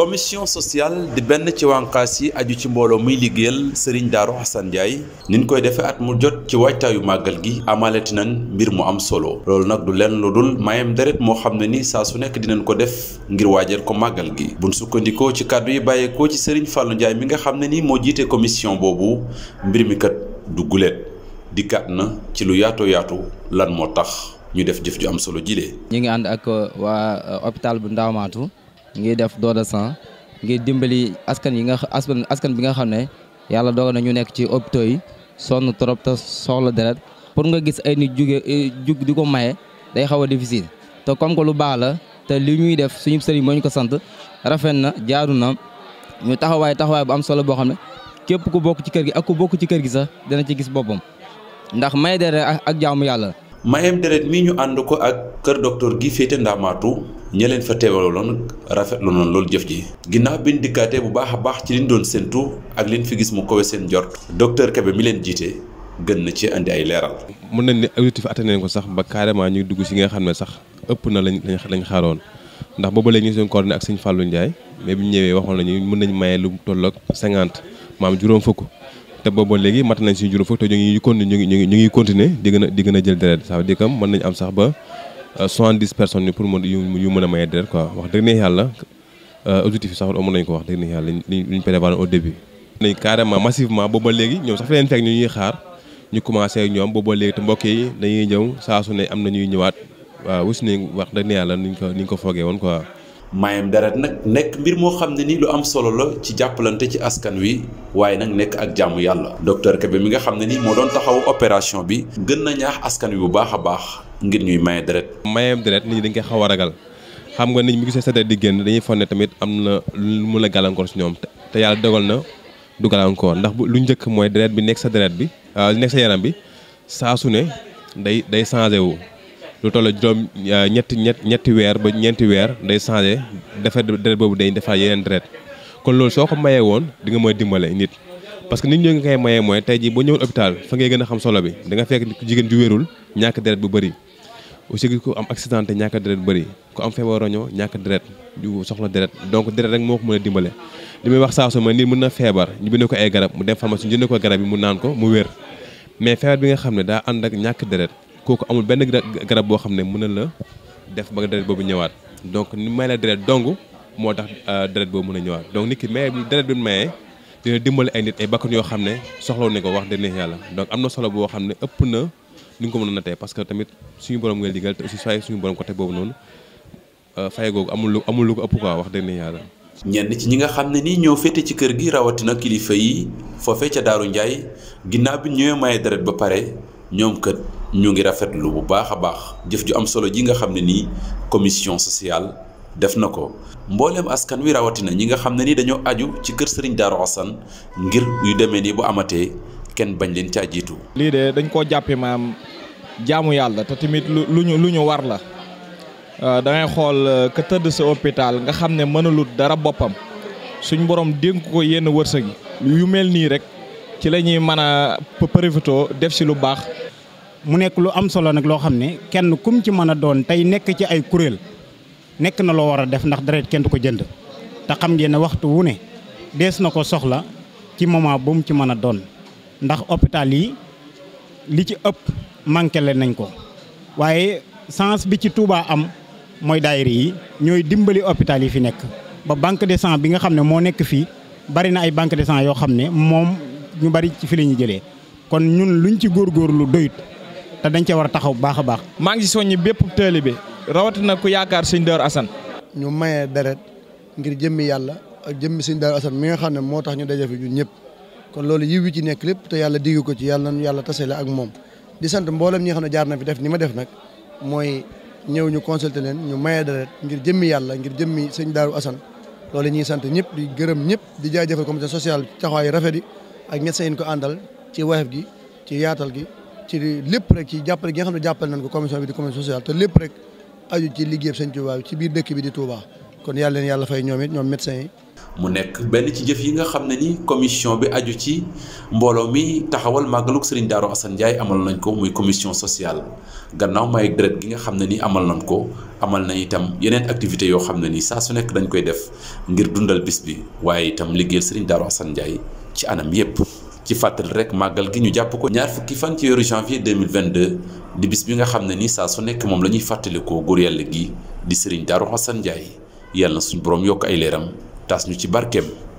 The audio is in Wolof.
commission sociale di benn ci wànqaas yi aju ci mbooloo muy liggéeyal Serigne Darou Assane Ndiaye niñ koy defee at mu jot ci waajtaayu màggal gi amaaleti nañ mbir mu am solo loolu nag du lenn lu dul mayam deret moo xam ne ni saa su nekk dinañ ko def ngir waajal ko màggal gi buñ sukkandikoo ci kàddu yi bàyyeekoo ci Serigne Fallou Ndiaye mi nga xam ne ni moo jiite commission boobu mbir mi kat du guléet dikkaat na ci lu yaatoo yaatu lan moo tax ñu def jëf ju am solo jilee ñu ngi ànd ak waa euh, hôpital bu Ndaamaatu ngir def don de ngir dimbali askan yi nga askan askan bi nga xam ne yàlla dogal na ñu nekk ci hôpitaux yi sonn trop te soxla deret pour nga gis ay nit juge jug di ko maye day xaw a difficile te comme que lu baax la te li ñuy def suñu sëriñ moo ñu ko sant rafet na jaaru na ñu taxawaay taxawaay bu am solo boo xam ne képp ku bokk ci kër gi ak ku bokk ci kër gi sax dana ci gis boppam ndax maye deret ak jaamu yàlla mayem deret mii ñu ànd ko ak kër docteur gi féete ndaamaatu ña leen fa teewaloon rafetlu noonu loolu jëf ji ginnaaw bi ñu dikkaatee bu baax a baax ci liñ doon seen séentu ak liñ fi gis mu kowe seen jort docteur Kébé mi leen jiite gën na ci andi ay leeral. mën nañ ni objectif atteint nañ ko sax ba carrément ñuy dugg si nga xam ne sax ëpp na lañ lañ xaaroon ndax booba léegi ñu ngi doon coordonné ak sëñ Fallou Ndiaye mais bi ñëwee waxoon nañu mën nañ mayee lu toll ak cinquante maam juróom fukk te boobu léegi mat nañ si juróom fukk te ñu ngi ñu ngi ñu ngi continuer di gën a di gën a jël deret ça veut dire que mën nañu am sax ba 70 euh, personnes yu pour mën yu mën a maye deret quoi wax dëgg ne yàlla euh, objectif yi sax mën nañu ko wax dëgg ne yàlla liñ liñ prévoir au début. nañ carrément massivement léegi ñoom sax fi ñu ñuy xaar ñu commencé ak ñoom booba léegi te mbokk yi dañuy ñëw saa ne am na ñuy ñëwaat waaw wis nañ wax dëgg ne yàlla niñ ko niñ ko foogee woon quoi maayam deret nag nekk mbir moo xam ne ni lu am solo la ci jàppalante ci askan wi waaye nag nekk ak jàmm yàlla docteur Kébé mi nga xam ne ni moo doon taxaw opération bi gën na ñaax askan wi bu baax a baax ngir ñuy maye deret mayeem deret nit ñi dañ koy xaw a ragal xam nga nit mu bu gisee sa deret di génn dañuy fonne tamit am na lu mu la gàllankoor si ñoom te yàlla dogal na du gàllankoor ndax lu njëkk mooy deret bi nekk sa deret bi ah, nekk sa yaram bi saa su ne day day changé lu toll juróom ñetti ñetti ñetti weer ba ñeenti weer day changé defar deret boobu day defar yeneen deret kon loolu soo ko mayee woon di nga mën a dimbale nit parce que nit ñoo ngi koy mayee mooy tey jii boo ñëwul hôpital fa ngay gën a xam solo bi danga nga fekk jigéen ju wérul ñàkk deret bu bëri aussi ko am accidenté ñàkk deret bu bëri ku am feebar roño ñàkk deret ju soxla deret donc deret rek moo ko mën a dimbale li may wax saa su ma nit mën na feebar ñu bind ko ay garab mu dem pharmacie jënd ko garab yi mu naan ko mu wér mais feebar bi nga xam ne daa ànd ak ñàkk deret kooku amul benn garab boo xam ne mën na la def ba deret boobu ñëwaat donc ni may la deret dong moo tax euh, deret boobu mën a ñëwaat donc nit ki maye deret bi mayee dina dimbali ay nit ay bakkan yoo xam ne soxlaw ne ko wax dëgg yàlla donc am na solo boo xam ne ëpp na ni nga ko mën a natee parce que tamit suñu borom ngay liggéeyal te aussi saa suñu borom côté boobu noonu euh, fay googu amul lu amul lu ko ëpp quoi wax dëgg yàlla. ñenn ci ñi nga xam ne nii ñoo féete ci kër gi rawatina kilifa yi foofee ca Daaru Njaay ginnaaw bi ñëwee maye deret ba pare ñoom kat ñu ngi rafetlu bu baax a baax jëf ju am solo ji nga xam ne nii commission sociale def na ko mbooleem askan wi rawatina ñi nga xam ne nii dañoo aju ci kër Serigne Darou Assane ngir yu demee nii bu amatee kenn bañ leen caa jiitu. lii de dañ koo jàppee maam jaamu yàlla te tamit lu ñu lu ñu war la euh, da xool euh, ka tëdd sa hôpital nga xam ne mënalut dara boppam suñ borom dénk ko yenn wërsëg yu mel nii rek ci la ñuy mën a profité def si lu baax. mu nekk lu am solo nag loo xam ne kenn kum ci mën a doon tey nekk ci ay kuréel nekk na loo war a def ndax deret kenn du ko jënd te xam ngeen ne waxtu wu ne dees na ko soxla ci moment bu mu ci mën a doon ndax hôpital yi li ci ëpp manqué le nañ ko waaye sens bi ci Touba am mooy daayira yi ñooy dimbali hôpital yi fi nekk ba banque de sang bi nga xam ne moo nekk fii bari na ay banque de sang yoo xam ne moom ñu bari ci fi la ñu jëlee kon ñun luñ ci góor góorgóorlu doyut te dañ cee war a taxaw bu baax a baax. maa ngi soññi bépp taalibe rawatina ku yaakaar sëñ Daaru Asan ñu maye deret ngir jëmmi yàlla ak jëmmi sëñ Daaru Asan mi nga xam ne moo tax ñu daje fi ñun ñëpp kon loolu yiw wi ci nekk lépp te yàlla diggu ko ci yàlla nañu yàlla tasale ak moom di sant mboolem ñi xam ne jaar na fi def ni ma def nag mooy ñëw ñu consulter leen ñu maye deret ngir jëmmi yàlla ngir jëmmi sëñ Daaru Asan loolu ñuy sant ñëpp di gërëm ñëpp di jaajëfal comité social taxawaay rafet yi ak médecin yi ko àndal ci wayef gi ci yaatal gi ci lépp rek ci jàppale gi nga xam ne jàppale nañ ko commission bi di commission sociale te lépp rek aju ci liggéey sëñ Touba bi ci biir dëkk bi di Touba kon yàlla leen yàlla fay ñoom it ñoom médecin yi. mu nekk benn ci jëf yi nga xam ne ni commission bi aju ci mbooloo mi taxawal màggalug Serigne Darou Assane Ndiaye amal nañ ko muy commission sociale gannaaw may deret gi nga xam ne ni amal nañ ko amal nañ itam yeneen activités yoo xam ne ni saa su nekk dañ koy def ngir dundal bis bi waaye itam liggéeyal Serigne Darou Assane Ndiaye ci anam yépp ci fàttali rek màggal gi ñu jàpp ko ñaar fukki fan ci weeru janvier 2022 di bis bi nga xam ne ni saa su nekk moom la ñuy fàttalikoo góor yàlla gi di sëriñ Darou Assane Ndiaye yàlla na suñu borom yokk ay leeram taas ñu ci barkeem